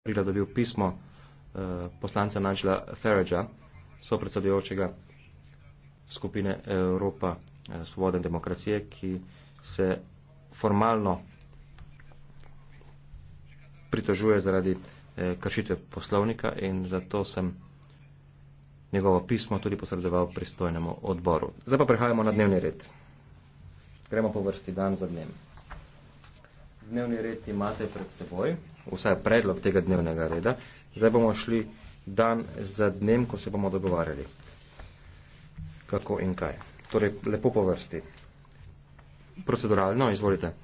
aprila dobil pismo eh, poslanca Nigela Farage'a, sopredsedujočega skupine Evropa eh, Svobode in demokracije, ki se formalno pritožuje zaradi eh, kršitve poslovnika in zato sem njegovo pismo tudi posredoval pristojnemu odboru. Zdaj pa prehajamo na dnevni red. Gremo po vrsti dan za dnevni dnevni red imate pred seboj, vsaj predlog tega dnevnega reda. Zdaj bomo šli dan za dnem, ko se bomo dogovarjali. Kako in kaj. Torej, lepo po vrsti. Proceduralno, izvolite.